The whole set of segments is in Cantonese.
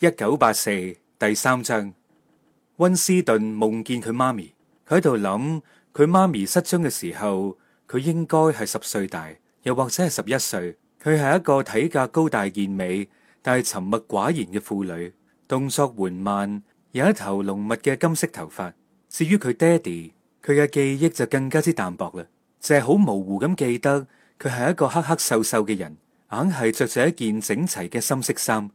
一九八四第三章，溫斯頓夢見佢媽咪，佢喺度諗佢媽咪失蹤嘅時候，佢應該係十歲大，又或者係十一歲。佢係一個體格高大健美，但係沉默寡言嘅婦女，動作緩慢，有一頭濃密嘅金色頭髮。至於佢爹哋，佢嘅記憶就更加之淡薄啦，淨係好模糊咁記得佢係一個黑黑瘦瘦嘅人，硬係着住一件整齊嘅深色衫。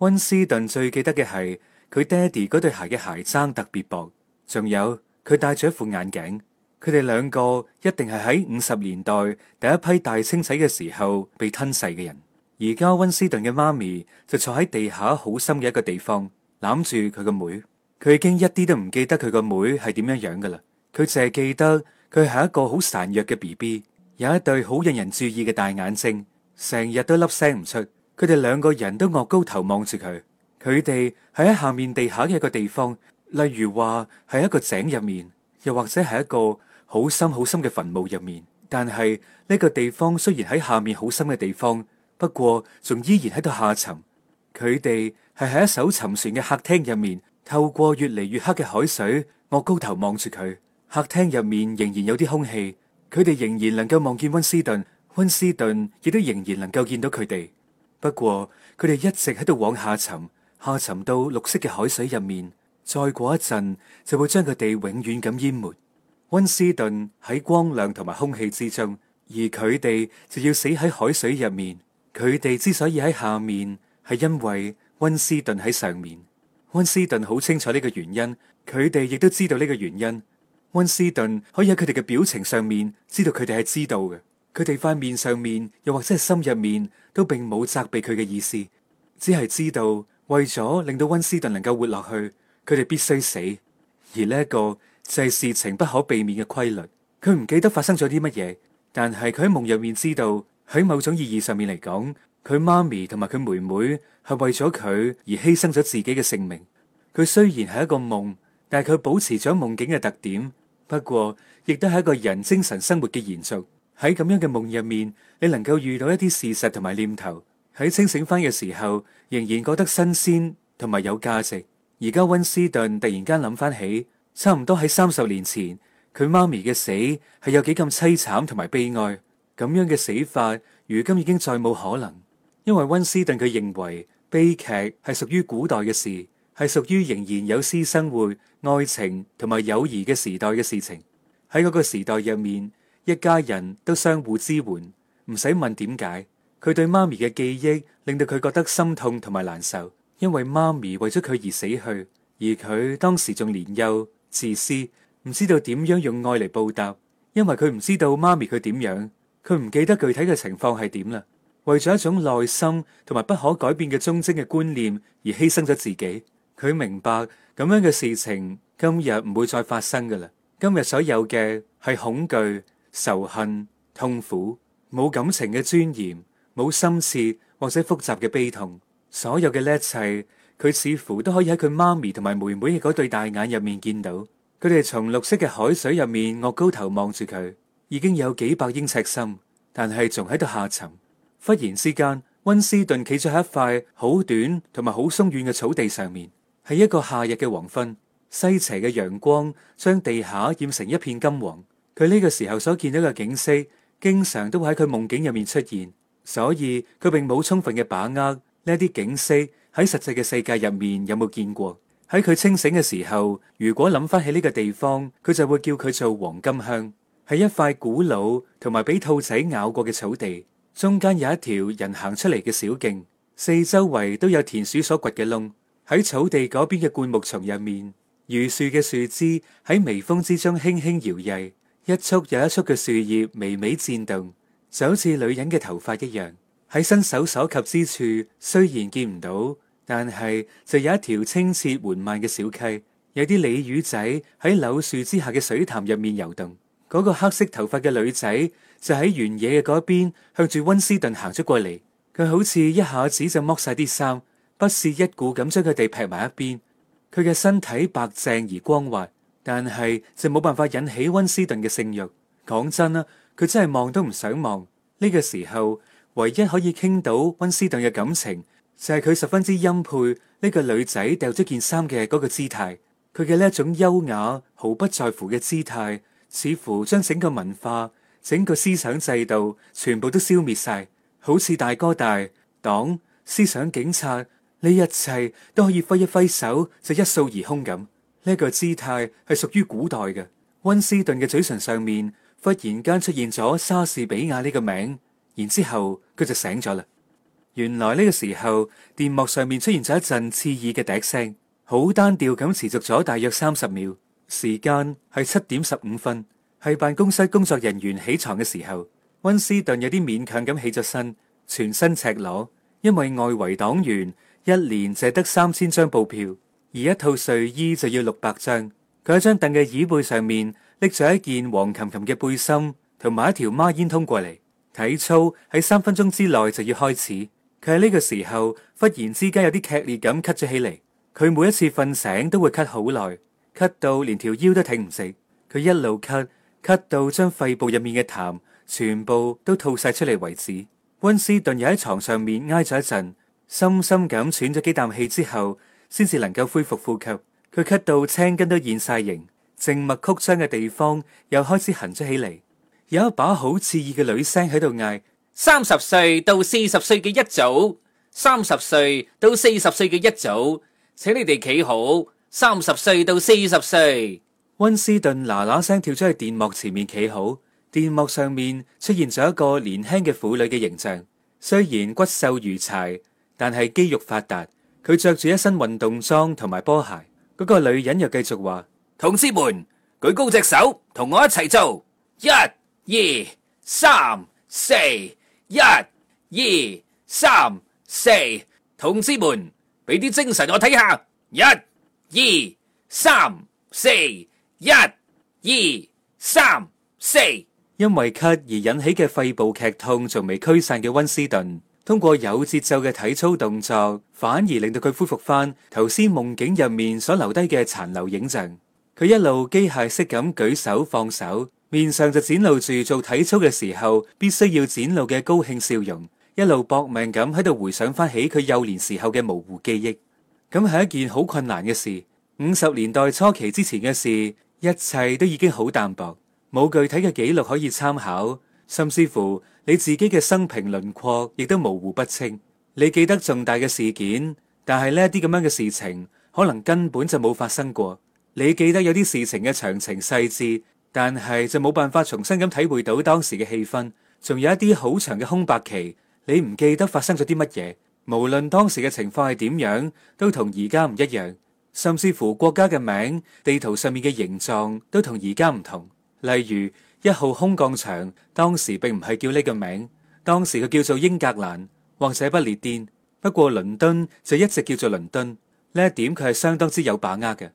溫斯頓最記得嘅係佢爹哋嗰對鞋嘅鞋踭特別薄，仲有佢戴住一副眼鏡。佢哋兩個一定係喺五十年代第一批大清洗嘅時候被吞噬嘅人。而家溫斯頓嘅媽咪就坐喺地下好深嘅一個地方攬住佢個妹，佢已經一啲都唔記得佢個妹係點樣樣噶啦。佢淨係記得佢係一個好孱弱嘅 BB，有一對好引人注意嘅大眼睛，成日都粒聲唔出。佢哋兩個人都昂高頭望住佢。佢哋係喺下面地下嘅一個地方，例如話係一個井入面，又或者係一個好深好深嘅墳墓入面。但係呢、這個地方雖然喺下面好深嘅地方，不過仲依然喺度下沉。佢哋係喺一艘沉船嘅客廳入面，透過越嚟越黑嘅海水昂高頭望住佢。客廳入面仍然有啲空氣，佢哋仍然能夠望見溫斯頓。溫斯頓亦都仍然能夠見到佢哋。不過佢哋一直喺度往下沉，下沉到綠色嘅海水入面，再過一陣就會將佢哋永遠咁淹沒。溫斯頓喺光亮同埋空氣之中，而佢哋就要死喺海水入面。佢哋之所以喺下面，係因為溫斯頓喺上面。溫斯頓好清楚呢個原因，佢哋亦都知道呢個原因。溫斯頓可以喺佢哋嘅表情上面知道佢哋係知道嘅。佢哋塊面上面，又或者係心入面，都並冇責備佢嘅意思，只係知道為咗令到温斯頓能夠活落去，佢哋必須死。而呢一個就係事情不可避免嘅規律。佢唔記得發生咗啲乜嘢，但係佢喺夢入面知道，喺某種意義上面嚟講，佢媽咪同埋佢妹妹係為咗佢而犧牲咗自己嘅性命。佢雖然係一個夢，但係佢保持咗夢境嘅特點，不過亦都係一個人精神生活嘅延續。喺咁樣嘅夢入面，你能夠遇到一啲事實同埋念頭，喺清醒翻嘅時候，仍然覺得新鮮同埋有價值。而家溫斯頓突然間諗翻起，差唔多喺三十年前佢媽咪嘅死係有幾咁淒慘同埋悲哀。咁樣嘅死法，如今已經再冇可能，因為溫斯頓佢認為悲劇係屬於古代嘅事，係屬於仍然有私生活、愛情同埋友誼嘅時代嘅事情。喺嗰個時代入面，一家人都相互支援，唔使問點解。佢對媽咪嘅記憶令到佢覺得心痛同埋難受，因為媽咪為咗佢而死去，而佢當時仲年幼，自私，唔知道點樣用愛嚟報答。因為佢唔知道媽咪佢點樣，佢唔記得具體嘅情況係點啦。為咗一種內心同埋不可改變嘅忠貞嘅觀念而犧牲咗自己，佢明白咁樣嘅事情今日唔會再發生噶啦。今日所有嘅係恐懼。仇恨、痛苦、冇感情嘅尊嚴、冇心事或者複雜嘅悲痛，所有嘅呢一切，佢似乎都可以喺佢媽咪同埋妹妹嘅嗰對大眼入面見到。佢哋從綠色嘅海水入面昂高頭望住佢，已經有幾百英尺深，但係仲喺度下沉。忽然之間，溫斯頓企咗喺一塊好短同埋好鬆軟嘅草地上面，係一個夏日嘅黃昏，西斜嘅陽光將地下染成一片金黃。佢呢個時候所見到嘅景色，經常都會喺佢夢境入面出現，所以佢並冇充分嘅把握呢啲景色喺實際嘅世界入面有冇見過。喺佢清醒嘅時候，如果諗翻起呢個地方，佢就會叫佢做黃金鄉，係一塊古老同埋俾兔仔咬過嘅草地，中間有一條人行出嚟嘅小徑，四周圍都有田鼠所掘嘅窿。喺草地嗰邊嘅灌木叢入面，榆樹嘅樹枝喺微風之中輕輕搖曳。一束又一束嘅樹葉微微顫動，就好似女人嘅頭髮一樣。喺伸手所及之處，雖然見唔到，但係就有一條清澈緩慢嘅小溪，有啲鯉魚仔喺柳樹之下嘅水潭入面游動。嗰個黑色頭髮嘅女仔就喺原野嘅嗰邊向住溫斯頓行咗過嚟。佢好似一下子就剝晒啲衫，不屑一顧咁將佢哋劈埋一邊。佢嘅身體白淨而光滑。但係就冇辦法引起溫斯頓嘅性欲。講真啦，佢真係望都唔想望。呢、這個時候，唯一可以傾到溫斯頓嘅感情，就係、是、佢十分之欽佩呢個女仔掉咗件衫嘅嗰個姿態。佢嘅呢一種優雅毫不在乎嘅姿態，似乎將整個文化、整個思想制度全部都消滅晒，好似大哥大、黨、思想警察呢一切都可以揮一揮手就一掃而空咁。呢一個姿態係屬於古代嘅。溫斯頓嘅嘴唇上面忽然間出現咗莎士比亞呢個名，然之後佢就醒咗啦。原來呢個時候電幕上面出現咗一陣刺耳嘅笛聲，好單調咁持續咗大約三十秒。時間係七點十五分，係辦公室工作人員起床嘅時候。溫斯頓有啲勉強咁起咗身，全身赤裸，因為外圍黨員一年只得三千張布票。而一套睡衣就要六百張。佢喺張凳嘅椅背上面拎咗一件黃琴琴嘅背心，同埋一條孖煙通過嚟。體操喺三分鐘之內就要開始。佢喺呢個時候忽然之間有啲劇烈咁咳咗起嚟。佢每一次瞓醒都會咳好耐，咳到連條腰都挺唔直。佢一路咳，咳到將肺部入面嘅痰全部都吐晒出嚟為止。溫斯頓又喺床上面挨咗一陣，深深咁喘咗幾啖氣之後。先至能夠恢復呼吸，佢咳到青筋都現晒形，靜脈曲張嘅地方又開始痕咗起嚟，有一把好刺耳嘅女聲喺度嗌：三十歲到四十歲嘅一組，三十歲到四十歲嘅一組，請你哋企好。三十歲到四十歲，溫斯頓嗱嗱聲跳出去電幕前面企好，電幕上面出現咗一個年輕嘅婦女嘅形象，雖然骨瘦如柴，但係肌肉發達。佢着住一身運動裝同埋波鞋，嗰、那個女人又繼續話：同志們，舉高隻手，同我一齊做，一、二、三、四，一、二、三、四。同志們，俾啲精神我睇下，一、二、三、四，一、二、三、四。因為咳而引起嘅肺部劇痛仲未驅散嘅温斯頓。通過有節奏嘅體操動作，反而令到佢恢復翻頭先夢境入面所留低嘅殘留影像。佢一路機械式咁舉手放手，面上就展露住做體操嘅時候必須要展露嘅高興笑容，一路搏命咁喺度回想翻起佢幼年時候嘅模糊記憶。咁係一件好困難嘅事。五十年代初期之前嘅事，一切都已經好淡薄，冇具體嘅記錄可以參考，甚至乎，你自己嘅生平輪廓亦都模糊不清，你記得重大嘅事件，但係呢啲咁樣嘅事情可能根本就冇發生過。你記得有啲事情嘅詳情細節，但係就冇辦法重新咁體會到當時嘅氣氛。仲有一啲好長嘅空白期，你唔記得發生咗啲乜嘢。無論當時嘅情況係點樣，都同而家唔一樣。甚至乎國家嘅名、地圖上面嘅形狀都同而家唔同。例如。一號空降場當時並唔係叫呢個名，當時佢叫做英格蘭或者不列顛，不過倫敦就一直叫做倫敦。呢一點佢係相當之有把握嘅。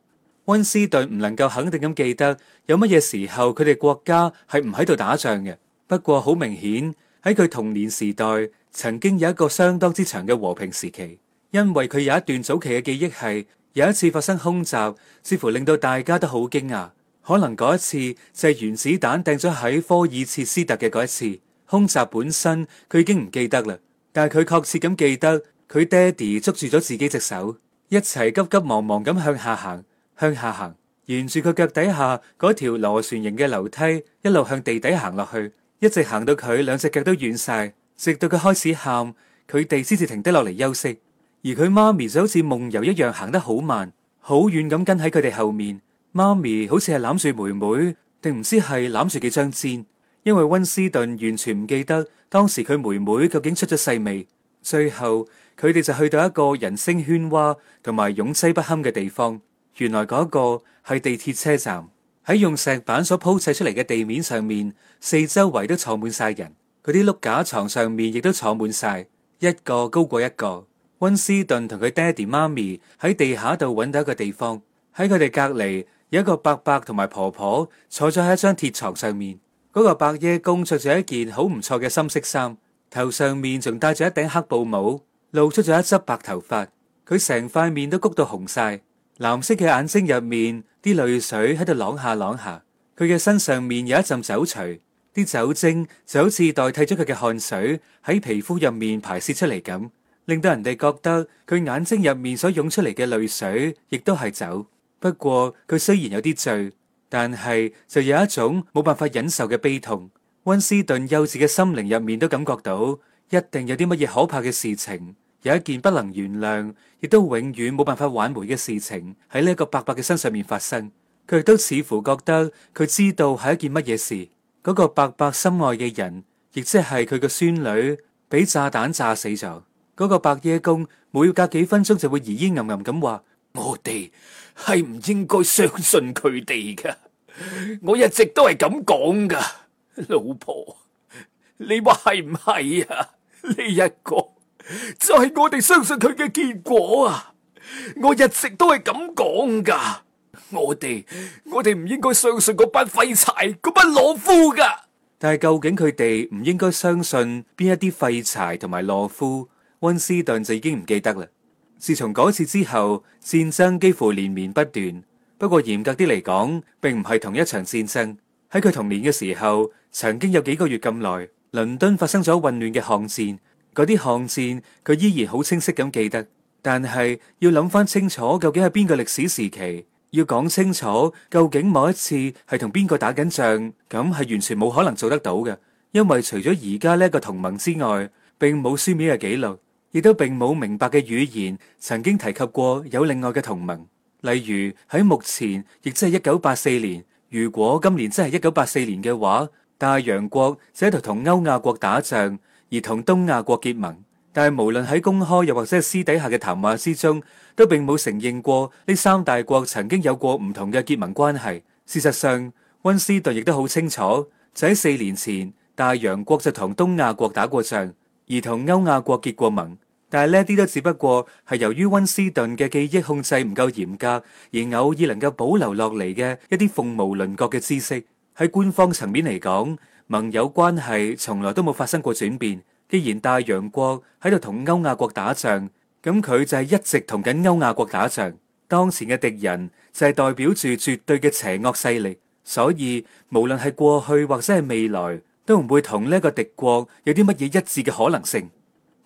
溫斯頓唔能夠肯定咁記得有乜嘢時候佢哋國家係唔喺度打仗嘅，不過好明顯喺佢童年時代曾經有一個相當之長嘅和平時期，因為佢有一段早期嘅記憶係有一次發生空襲，似乎令到大家都好驚訝。可能嗰一次就係原子彈掟咗喺科爾切斯特嘅嗰一次空襲本身佢已經唔記得啦，但係佢確切咁記得佢爹哋捉住咗自己隻手，一齊急急忙忙咁向下行向下行，沿住佢腳底下嗰條螺旋形嘅樓梯，一路向地底行落去，一直行到佢兩隻腳都軟晒，直到佢開始喊，佢哋先至停低落嚟休息，而佢媽咪就好似夢遊一樣行得好慢、好遠咁跟喺佢哋後面。媽咪好似係攬住妹妹，定唔知係攬住幾張氈？因為溫斯頓完全唔記得當時佢妹妹究竟出咗世未。最後佢哋就去到一個人聲喧嘩同埋擁擠不堪嘅地方。原來嗰一個係地鐵車站，喺用石板所鋪砌出嚟嘅地面上面，四周圍都坐滿晒人。嗰啲碌架床上面亦都坐滿晒，一個高過一個。溫斯頓同佢爹哋媽咪喺地下度揾到一個地方，喺佢哋隔離。有一個伯伯同埋婆婆坐咗喺一張鐵床上面，嗰個白夜公着住一件好唔錯嘅深色衫，頭上面仲戴住一頂黑布帽，露出咗一撮白頭髮。佢成塊面都谷到紅晒，藍色嘅眼睛入面啲淚水喺度淌下淌下。佢嘅身上面有一陣酒除，啲酒精就好似代替咗佢嘅汗水喺皮膚入面排泄出嚟咁，令到人哋覺得佢眼睛入面所湧出嚟嘅淚水亦都係酒。不過佢雖然有啲醉，但係就有一種冇辦法忍受嘅悲痛。溫斯頓幼稚嘅心靈入面都感覺到，一定有啲乜嘢可怕嘅事情，有一件不能原諒，亦都永遠冇辦法挽回嘅事情喺呢個伯伯嘅身上面發生。佢亦都似乎覺得佢知道係一件乜嘢事，嗰個伯伯心愛嘅人，亦即係佢個孫女，俾炸彈炸死咗。嗰個白夜公每隔幾分鐘就會疑疑暗暗咁話。我哋係唔應該相信佢哋噶，我一直都係咁講噶。老婆，你話係唔係啊？呢、這、一個就係我哋相信佢嘅結果啊！我一直都係咁講噶。我哋，我哋唔應該相信嗰班廢柴、嗰班懦夫噶。但係究竟佢哋唔應該相信邊一啲廢柴同埋懦夫？溫斯頓就已經唔記得啦。自從嗰次之後，戰爭幾乎連綿不斷。不過嚴格啲嚟講，並唔係同一場戰爭。喺佢童年嘅時候，曾經有幾個月咁耐，倫敦發生咗混亂嘅巷戰。嗰啲巷戰，佢依然好清晰咁記得。但係要諗翻清楚，究竟係邊個歷史時期，要講清楚究竟某一次係同邊個打緊仗，咁係完全冇可能做得到嘅。因為除咗而家呢個同盟之外，並冇書面嘅記錄。亦都並冇明白嘅語言曾經提及過有另外嘅同盟，例如喺目前亦即係一九八四年，如果今年真係一九八四年嘅話，大洋國就喺度同歐亞國打仗而同東亞國結盟，但係無論喺公開又或者係私底下嘅談話之中，都並冇承認過呢三大國曾經有過唔同嘅結盟關係。事實上，溫斯頓亦都好清楚，就喺四年前，大洋國就同東亞國打過仗而同歐亞國結過盟。但係呢啲都只不過係由於溫斯頓嘅記憶控制唔夠嚴格，而偶爾能夠保留落嚟嘅一啲鳳毛麟角嘅知識。喺官方層面嚟講，盟友關係從來都冇發生過轉變。既然大洋國喺度同歐亞國打仗，咁佢就係一直同緊歐亞國打仗。當前嘅敵人就係代表住絕對嘅邪惡勢力，所以無論係過去或者係未來，都唔會同呢個敵國有啲乜嘢一致嘅可能性。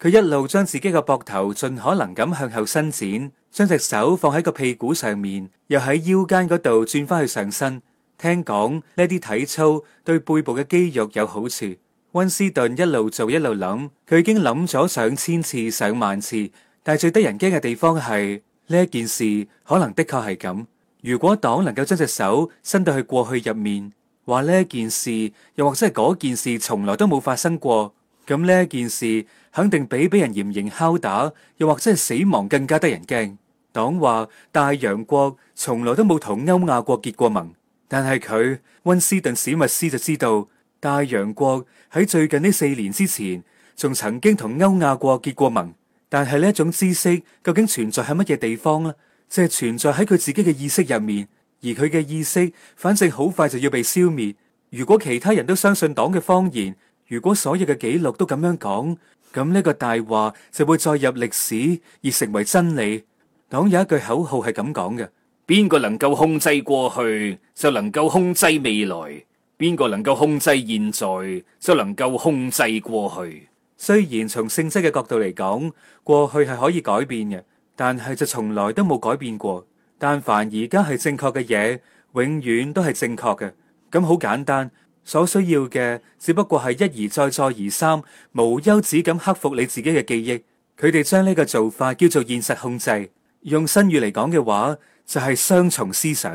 佢一路將自己個膊頭盡可能咁向後伸展，將隻手放喺個屁股上面，又喺腰間嗰度轉翻去上身。聽講呢啲體操對背部嘅肌肉有好處。溫斯頓一路做一路諗，佢已經諗咗上千次上萬次。但係最得人驚嘅地方係呢一件事可能的確係咁。如果黨能夠將隻手伸到去過去入面，話呢一件事又或者係嗰件事從來都冇發生過。咁呢一件事肯定比俾人嚴刑拷打，又或者係死亡更加得人驚。黨話大洋國從來都冇同歐亞國結過盟，但係佢溫斯頓史密斯就知道大洋國喺最近呢四年之前仲曾經同歐亞國結過盟。但係呢一種知識究竟存在喺乜嘢地方呢？即係存在喺佢自己嘅意識入面，而佢嘅意識反正好快就要被消滅。如果其他人都相信黨嘅謊言。如果所有嘅記錄都咁樣講，咁呢個大話就會載入歷史而成為真理。黨有一句口號係咁講嘅：邊個能夠控制過去，就能夠控制未來；邊個能夠控制現在，就能夠控制過去。雖然從性質嘅角度嚟講，過去係可以改變嘅，但係就從來都冇改變過。但凡而家係正確嘅嘢，永遠都係正確嘅。咁好簡單。所需要嘅只不過係一而再再而三無休止咁克服你自己嘅記憶，佢哋將呢個做法叫做現實控制。用新語嚟講嘅話就係雙重思想。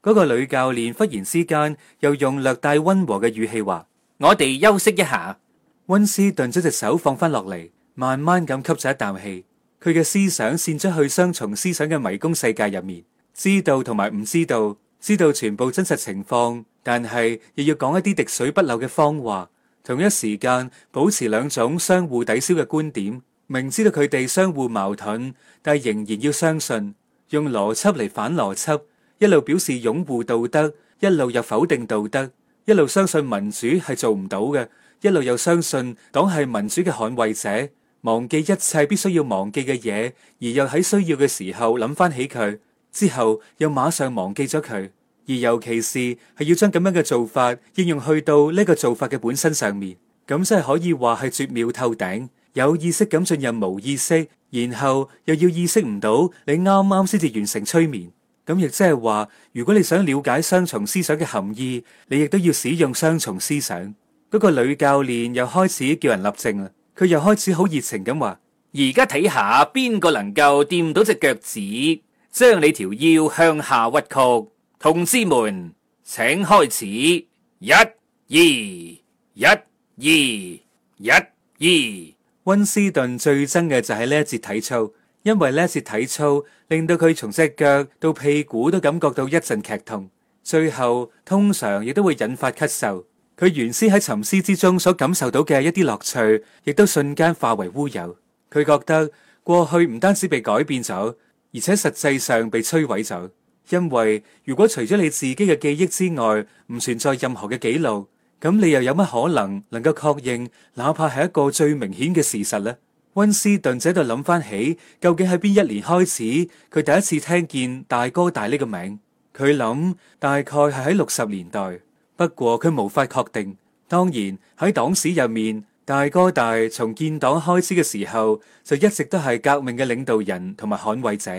嗰個女教練忽然之間又用略帶温和嘅語氣話：我哋休息一下。温斯頓咗隻手放翻落嚟，慢慢咁吸咗一啖氣。佢嘅思想陷咗去雙重思想嘅迷宮世界入面，知道同埋唔知道。知道全部真實情況，但係亦要講一啲滴水不漏嘅謊話，同一時間保持兩種相互抵消嘅觀點。明知道佢哋相互矛盾，但係仍然要相信，用邏輯嚟反邏輯，一路表示擁護道德，一路又否定道德，一路相信民主係做唔到嘅，一路又相信黨係民主嘅捍衞者，忘記一切必須要忘記嘅嘢，而又喺需要嘅時候諗翻起佢。之後又馬上忘記咗佢，而尤其是係要將咁樣嘅做法應用去到呢個做法嘅本身上面，咁真係可以話係絕妙透頂。有意識咁進入無意識，然後又要意識唔到，你啱啱先至完成催眠，咁亦即係話，如果你想了解雙重思想嘅含義，你亦都要使用雙重思想。嗰個女教練又開始叫人立正啦，佢又開始好熱情咁話：而家睇下邊個能夠掂到隻腳趾。將你條腰向下屈曲，同志們，請開始，一、二、一、二、一、二。溫斯頓最憎嘅就係呢一節體操，因為呢一節體操令到佢從隻腳到屁股都感覺到一陣劇痛，最後通常亦都會引發咳嗽。佢原先喺沉思之中所感受到嘅一啲樂趣，亦都瞬間化為烏有。佢覺得過去唔單止被改變咗，而且實際上被摧毀咗，因為如果除咗你自己嘅記憶之外，唔存在任何嘅記錄，咁你又有乜可能能夠確認，哪怕係一個最明顯嘅事實呢？温斯頓喺度諗翻起，究竟喺邊一年開始佢第一次聽見大哥大呢個名？佢諗大概係喺六十年代，不過佢無法確定。當然喺黨史入面。大哥大從建黨開始嘅時候就一直都係革命嘅領導人同埋捍衛者，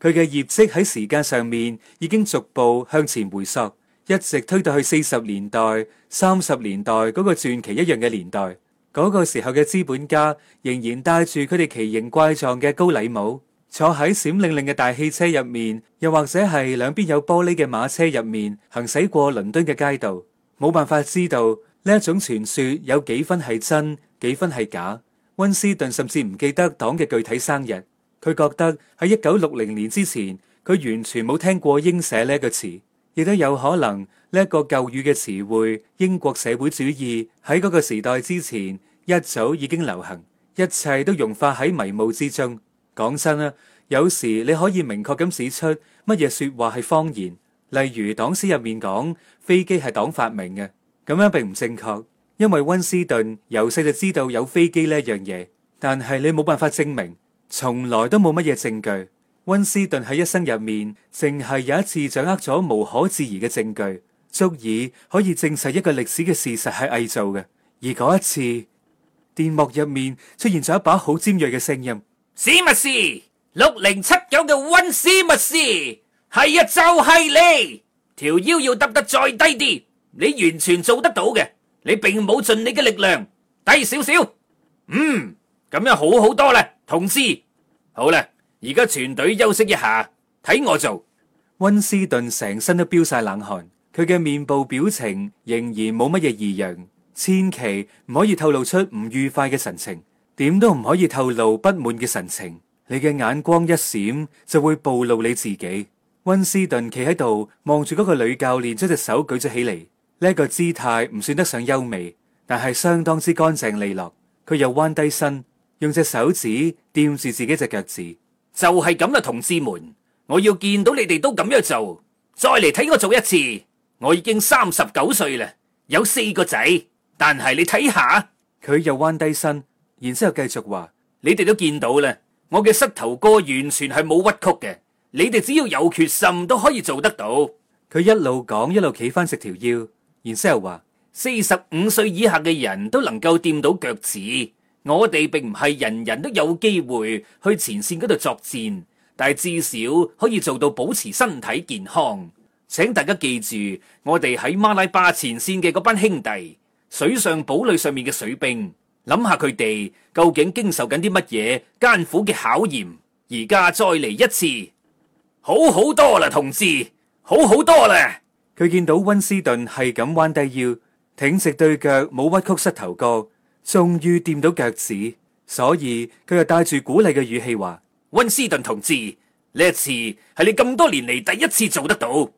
佢嘅業績喺時間上面已經逐步向前回溯，一直推到去四十年代、三十年代嗰個傳奇一樣嘅年代。嗰個時候嘅資本家仍然戴住佢哋奇形怪狀嘅高禮帽，坐喺閃令令嘅大汽車入面，又或者係兩邊有玻璃嘅馬車入面行駛過倫敦嘅街道，冇辦法知道。呢一種傳説有幾分係真，幾分係假。溫斯頓甚至唔記得黨嘅具體生日，佢覺得喺一九六零年之前，佢完全冇聽過英社呢一個詞，亦都有可能呢一個舊語嘅詞彙英國社會主義喺嗰個時代之前一早已經流行，一切都融化喺迷霧之中。講真啊，有時你可以明確咁指出乜嘢説話係謊言，例如黨史入面講飛機係黨發明嘅。咁樣並唔正確，因為溫斯頓由細就知道有飛機呢樣嘢，但係你冇辦法證明，從來都冇乜嘢證據。溫斯頓喺一生入面，淨係有一次掌握咗無可置疑嘅證據，足以可以證實一個歷史嘅事實係偽造嘅。而嗰一次電幕入面出現咗一把好尖銳嘅聲音：史密斯，六零七九嘅溫斯密斯，係呀，就係你，條腰要耷得再低啲。你完全做得到嘅，你並冇盡你嘅力量，低少少，嗯，咁樣好好多啦，同志，好啦，而家全隊休息一下，睇我做。溫斯頓成身都飆晒冷汗，佢嘅面部表情仍然冇乜嘢異樣，千祈唔可以透露出唔愉快嘅神情，點都唔可以透露不滿嘅神情。你嘅眼光一閃就會暴露你自己。溫斯頓企喺度望住嗰個女教練，將隻手舉咗起嚟。呢一個姿態唔算得上優美，但係相當之乾淨利落。佢又彎低身，用隻手指掂住自己隻腳趾，就係咁啦，同志們，我要見到你哋都咁樣做，再嚟睇我做一次。我已經三十九歲啦，有四個仔，但係你睇下。佢又彎低身，然之後繼續話：你哋都見到啦，我嘅膝頭哥完全係冇屈曲嘅。你哋只要有決心都可以做得到。佢一路講一路企翻直條腰。然之後話：四十五歲以下嘅人都能夠掂到腳趾，我哋並唔係人人都有機會去前線嗰度作戰，但係至少可以做到保持身體健康。請大家記住，我哋喺馬拉巴前線嘅嗰班兄弟，水上堡壘上面嘅水兵，諗下佢哋究竟經受緊啲乜嘢艱苦嘅考驗。而家再嚟一次，好好多啦，同志，好好多啦。佢見到温斯頓係咁彎低腰，挺直對腳，冇屈曲膝頭哥，終於掂到腳趾，所以佢又帶住鼓勵嘅語氣話：温斯頓同志，呢一次係你咁多年嚟第一次做得到。